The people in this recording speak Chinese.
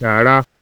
在哪？